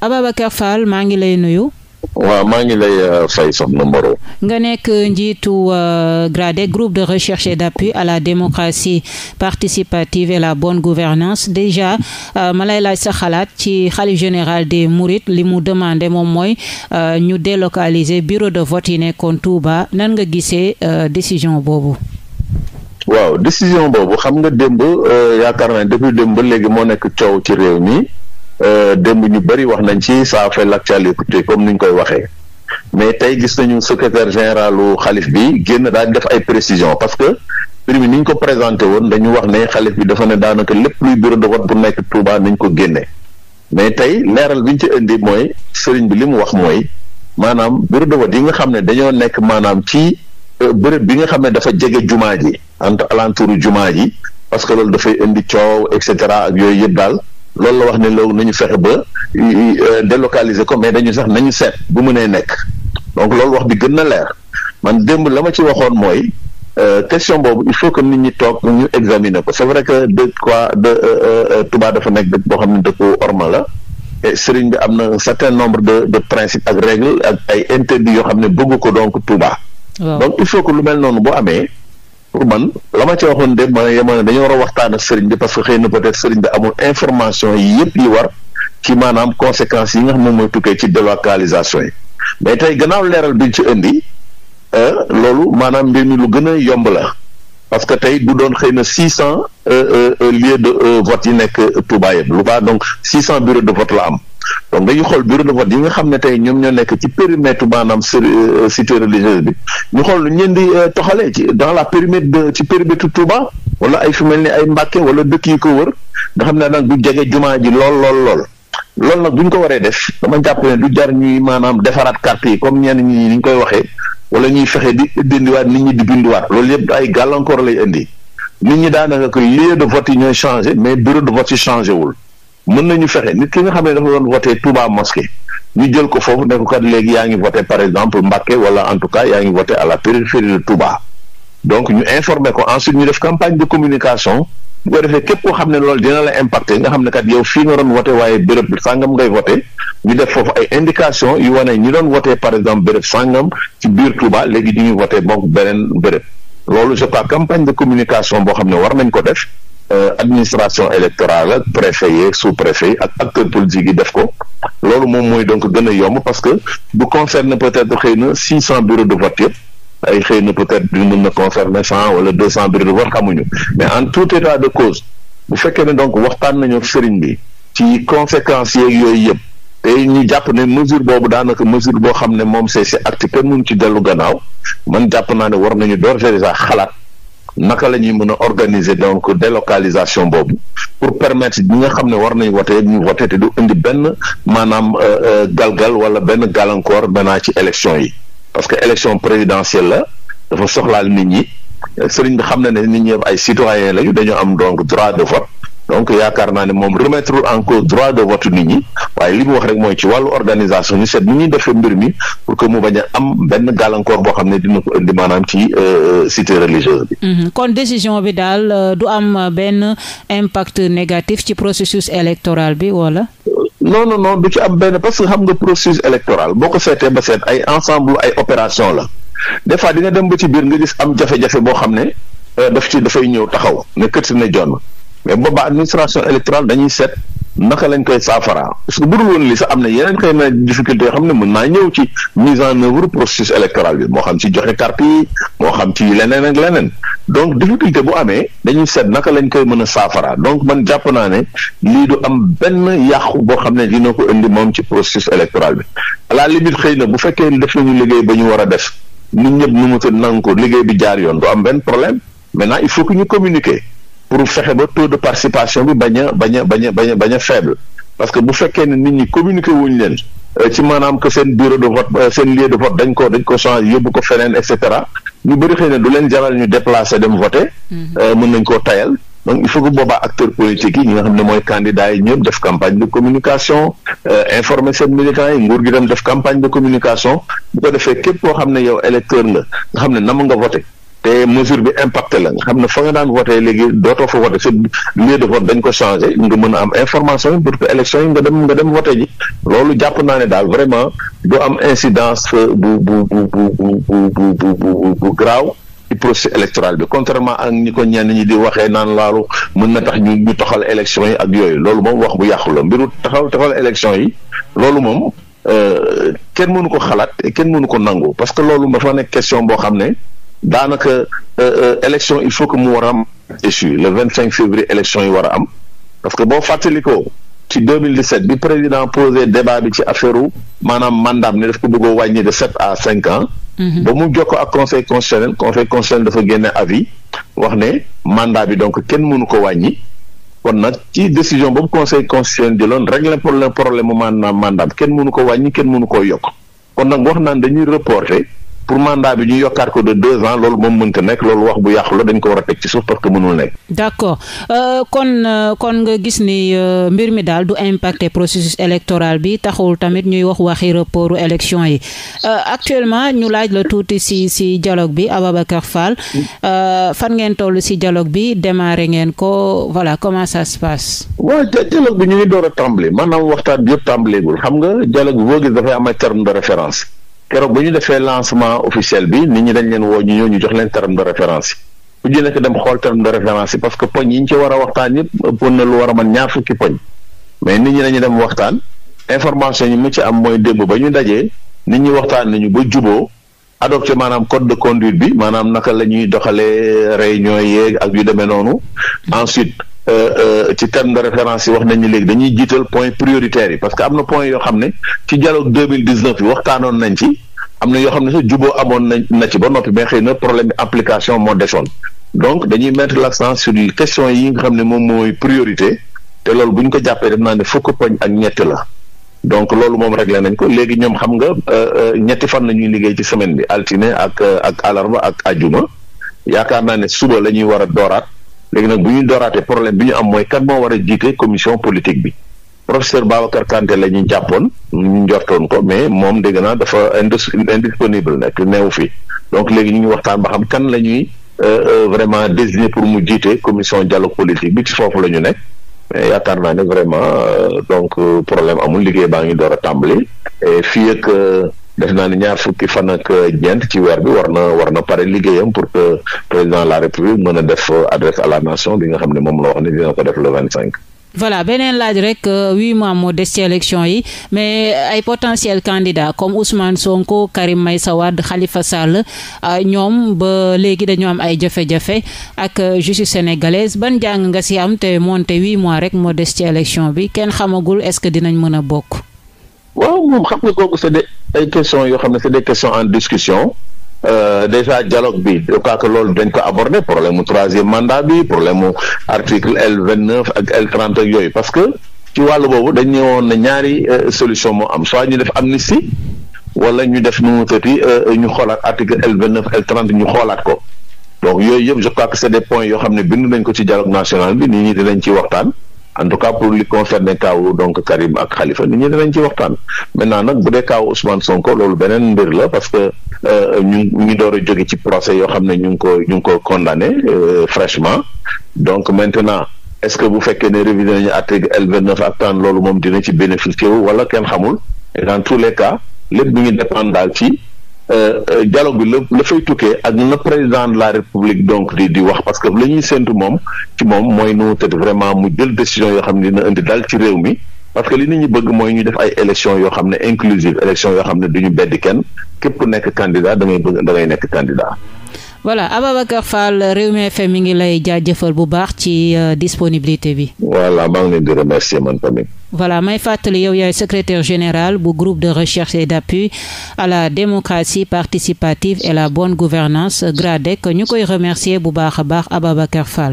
Ababacar Fall maa ngi lay nuyu. waaw maa ngi lay euh, fay soxna Moreau. nga nekk njiitu euh, GRADEC groupe de recherche et d'appui à la démocratie participative et la bonne gouvernance déjà euh, ma lay laaj sa xalaat ci xalif général des Mourides li mu demandé moom mooy ñu délocaliser bureau de vote yi nekkoon Touba nan nga gisee décision boobu. waaw décision boobu xam nga démb yaakaar naa depuis démb ba léegi moo nekk coow ci réew mi. Euh, démb ñu bëri wax nañ ci ça fait l'actualité comme ni ñu koy waxee mais tey gis nañu secrétaire généralu xalif bi génn daal def ay précisions parce que mbir mi ni ñu ko présenter woon dañu wax ne xalif bi dafa ne daanaka lépp luy bureau de vote bu nekk Touba nañ ko génne mais tey leeral bi ñu ci indi mooy sëriñ bi li mu wax mooy maanaam bureau de yi nga xam ne dañoo nekk maanaam ci euh, bërëb bi nga xam ne dafa jege jumaa ji entre alentour jumaa ji parce que loolu dafay indi coow et cetera ak yooyu yëpp daal. loolu la wax ne loolu nañu fexe ba euh, délocaliser ko mais dañu sax nañu seet bu mënee nekk donc loolu wax bi gën na leer man démb la ma ci waxoon mooy euh, question boobu il faut que nit ñi toog ñu examiner ko c'est vrai que de quoi de euh, Touba dafa nekk dëkk boo xam ne dëkku orma la et bi am na un certain nombre de de principes ak règles ak ay interdits yoo xam ne bëgg ko donc Touba donc il faut que lu mel noonu boo amee pour man la ma ci waxoon de ma ne dañoo war a waxtaan ak sëriñ bi parce que xëy na peut-être sëriñ bi amul information yi yëpp yi war ci maanaam conséquence yi nga xam moom mooy tukkee ci délocalisation yi mais tey gannaaw leeral bi ñu ci indi euh, loolu maanaam mbir mi lu gën a yomb la parce que tey du doon xëy na six cent euh, euh, euh, lieu de vote yi nekk Touba yëpp lu baax donc six cent bureau de vote la am donc dañuy xool bureau de vote yi nga xam ne tey ñoom ñoo nekk ci périmètre maanaam cité religieuse bi ñu xool lu ñeen di toxalee ci dans la périmètre de ci périmètre Touba wala ay fu mel ni ay Mbàkke wala dëkk yi ko wër nga xam ne nag du jege jumaa ji lool lool lool loolu nag bu ñu ko waree def dama jàpp ne du jar ñuy maanaam defaraat carte yi comme ñenn ñi ni ñu koy waxee wala ñuy fexe di dindiwaat nit ñi di bindiwaat loolu yëpp ay gàllankoor lay indi nit ñi daanaka que lieu de vote yi ñooy changé mais bureau de vote yi changé wul mën nañu fexe nit ki nga xam ne dafa doon voté Touba mosquée ñu jël ko foofu ne ko kat léegi yaa ngi voté par exemple Mbacké wala en tout cas yaa ngi voté à la périphérie de Touba donc ñu informé ko ensuite ñu def campagne de communication bu ko defee képp koo xam ne loolu dina la impacté nga xam ne kat yow fii nga doon voté waaye béréb sàngam ngay voté ñu def foofu ay indication yu wane ñi doon voté par exemple béréb sàngam ci biir Touba léegi ñu ngi voté bokk beneen béréb loolu je crois campagne de communication boo xam ne war nañ ko def euh, administration électorale ak préfet yeeg sous préfet ak acteurs politiques yi def ko loolu moom mooy donc gën a yomb parce que bu concerne peut-être xëy na six cent de vote yëpp ay xëy na peut-être du mën na concerner cent wala deux cent biri de vote xamuñu mais en tout état de cause bu fekkee ne donc waxtaan nañu ak sëriñ bi ci conséquence yeeg yooyu yëpp te ñu jàpp ne mesure boobu daanaka mesure boo xam ne moom c'est c'est acte kenn mënu ci dellu gannaaw man jàpp naa ne war nañu door déjà xalaat naka la ñuy mën a organiser donc délocalisation boobu pour permettre ñi nga xam ne war nañu wote ñu wote te du indi benn maanaam euh, euh, galgal wala benn gàllankoor maintenant ci élection yi. parce que élection présidentielle la dafa soxlaal nit ñi sëriñ bi xam na ne nit ñi ay citoyen lañu dañoo am donc droit de vote donc yaakaar naa ne moom remettre en cause droit de vote nit ñi waaye li mu wax rek mooy ci wàllu organisation ñu seet ni ñuy defee mbir mi pour que mu bañ a am benn gàllankoor boo xam ne dina ko indi maanaam ci euh, cité religieuse bi. Mm-hmm. kon décision bi daal euh, du am euh, benn impact négatif ci processus électoral bi wala. non noonu non du ci am benn parce que xam nga processus électoral boo ko seetee ba seet ay ensemble ay opération la des fois di dem ba ci biir nga gis am jafe-jafe boo xam ne euh, def ci dafay ñëw taxaw ne kër si ne jonn mais boobaa administration électorale dañuy seet naka lañ koy saafaraa parce que bu dul woon li sax am na yeneen koy na difficulté yoo xam ne mën naa ñëw ci mise en œuvre processus électoral bi moo xam ci joxe carte yi moo xam ci leneen ak leneen donc difficulté bu amee dañuy seet naka lañ koy mën a saafaraa donc man jàpp naa ne lii du am benn yàqu boo xam ne dina ko indi moom ci processus électoral bi à la xëy na bu fekkee def nañu liggéey ba ñu war a def nit ñëpp nu mu ko nangu ko liggéey bi jaar yoon du am benn problème maintenant il faut ñu communiquer pour fexe ba taux de participation bi bañ a bañ a bañ a faible parce que bu fekkee ne nit ñi communiqué wuñ leen euh, ci maanaam que seen bureau de vote euh, seen lieu de vote dañ ko dañ ko changé yóbbu ko feneen et cetera ñu bëri xëy na du leen jaral ñu déplacé dem voté mm-hmm. euh, mën nañ koo tayal il faut que boobaa acteurs politiques yi ñi nga xam ne mooy candidats yi ñëpp def campagne de communication informer seen militants yi nguur gi dem def campagne de communication bu ko képp koo xam ne yow électeur nga xam ne nam nga voté te mesure bi impacté la nga xam ne fa nga daan voté léegi dootoo fa voté su lieu de vote dañ ko changé nga mën a am information pour que élection yi nga dem nga dem loolu jàpp naa ne daal vraiment du am incidence bu bu bu bu bu bu bu bu graaw ci processus électoral bi contrairement ak ñi ko ñenn ñi di waxee naan laalu mën na tax ñu ñu toxal élection yi ak yooyu loolu moom wax bu yàqu la mbiru taxal taxal élection yi loolu moom kenn mënu ko xalaat kenn mënu ko nangu parce que loolu boo xam ne. daanaka euh, euh, élection il faut que mu war a am échu le vingt cinq février élection yi war a am parce que boo fàttalikoo ci 2017 bi président posé débat bi ci affaire maanaam mandat ne def ko bëggoo wàññi de sept à cinq ans. Mhm. ba mu jokk ak conseil constitutionnel conseil constitutionnel dafa génne avis wax ne mandat bi donc kenn mënu ko wàññi kon nag ci décision boobu conseil constitutionnel jëloon régler problème problème mu maanaam mandat bi kenn mënu ko wàññi kenn mënu ko yokk kon nag wax naan dañuy reporter. pour mandat bi ñu yokkaat ko de deux ans loolu moom mënta nekk loolu wax bu yàqu la dañ ko war a teg ci suuf parce que mënul nekk. d'accord euh, kon euh, kon nga gis ni euh, mbir mi daal du impacter processus électoral bi taxul tamit ñuy wax waxi reportu élection yi actuellement ñu laaj la tuuti si si dialogue bi Ababacar Fall fan ngeen toll si dialogue bi démarré ngeen ko voilà comment ça se passe. waaw dialogue bi ñu ngi door a tàmbali maanaam waxtaan bi yëpp tàmbaleegul xam nga dialogue boo gis dafay am ay terme keroog ba ñu defee lancement officiel bi nit ñi dañ leen woo ñu ñëw ñu jox leen terme de référence yi. ku nekk dem xool terme de référence yi parce que poñ yi ñu ci war a waxtaan yëpp ëppoon na lu war a mën ñaar fukki poñ mais nit ñi lañu dem waxtaan information yi mu ci am mooy démb ba ñu dajee nit ñi waxtaan nañu ba juboo adopté maanaam code de conduite bi maanaam naka la ñuy doxalee réunion yéeg ak yu demee noonu ensuite Euh, euh, ci terme de référence yi wax nañ ni léegi dañuy jiital point prioritaire yi parce que am na point yoo xam ne ci dialogue deux mille dix neuf yi waxtaanoon nañ ci am na yoo xam ne sax juboo amoon nañ na ci ba noppi mais xëy na problème bi application moo desoon donc dañuy mettre l'accent sur les questions yi nga xam ne moom mooy priorité te loolu bu ñu ko jàppee def naa ne fukk poñ ak ñett la donc loolu moom réglé nañ ko léegi ñoom xam nga euh, ñetti fan la ñuy liggéey ci semaine bi altine ak ak ak ajuma yaakaar naa ne suba la ñuy war a dooraat léegi nag bu ñu dooraatee problème bi ñu am mooy kan moo war a jiite commission politique bi professeur Babacar Kanté la ñu jàppoon ñu njortoon ko mais moom dégg naa dafa indisponible nekk neewu fi donc léegi ñu ngi waxtaan ba xam kan la ñuy euh, euh, vraiment désigné pour mu jiite commission dialogue politique bi ci foofu la ñu nekk mais yaakaar naa ne vraiment euh, donc problème amul liggéey baa ngi door a tàmbali fii ak def naa ne ñaar fukki fan ak ñeent ci weer bi war na war na pare liggéeyam pour que président la république mën a def adresse à la nation bi nga xam ne moom la wax ne dina ko def le vingt cinq. voilà beneen laaj rek euh, huit mois moo des ci élection yi mais ay potentiel candidat comme Ousmane Sonko Karim Meïssa Wade xalifa Sall euh, ñoom ba léegi dañoo am ay jafe-jafe ak euh, justice sénégalaise ban jàng nga si am te moonte huit mois rek moo des ci élection bi kenn xamagul est-ce que dinañ mën a bokk. waaw moom xam nga kooku c'est des ay question yoo xam ne c'est des questions en discussion Euh, déjà dialogue bi je crois que loolu dañ ko aborder problème mu troisième mandat bi problème mu article L vingt neuf ak L trente yooyu parce que ci wàllu boobu dañ ñëwoon na ñaari euh, solution moo am soit ñu def amnistie wala ñu def nu mu tëti euh, ñu xoolaat article L vingt neuf L trente ñu xoolaat ko donc yooyu yëpp je crois c'est des points yoo xam ne bind nañ ko ci dialogue bi nit ñi dinañ ci waxtaan. en tout cas pour li concerné kaaw donc Karim ak Khalifa nit ñi danañ ci waxtaan maintenant nag bu dee kaaw Ousmane Sonko loolu beneen mbir la parce que euh, ñu ñu door a jóge ci procès yoo xam ne ñu ngi ko ñu ngi ko condamné euh, fraîchement donc maintenant est ce que bu fekkee ne révisé nañu article L vingt neuf ak loolu moom dina ci bénéficier wu wala kenn xamul et dans tous les cas lépp ñu ngi dépendre daal ci. Euh, euh, dialogue bi la dafay tukkee ak na président de la république donc di di wax parce que la ñuy séntu moom ci moom mooy nu te vraiment mu jël décision yoo xam ne dina indi dal ci réew mi parce que li nit ñi bëgg mooy ñu def ay élection yoo xam ne inclusive élection yoo xam ne duñu ñu beddi kenn képp ku nekk candidat da ngay bëgg da ngay nekk candidat voilà Ababacar Fall Rewmi FM mi ngi lay jaajëfal bu baax ci euh, disponibilité bi voilà maa ngi leen di remercier man tamit voilà may fàttali yow yaay secrétaire général bu groupe de recherche et d'appui à la démocratie participative et la bonne gouvernance GRADEC ñu koy remercier bu baax a baax Ababacar Fall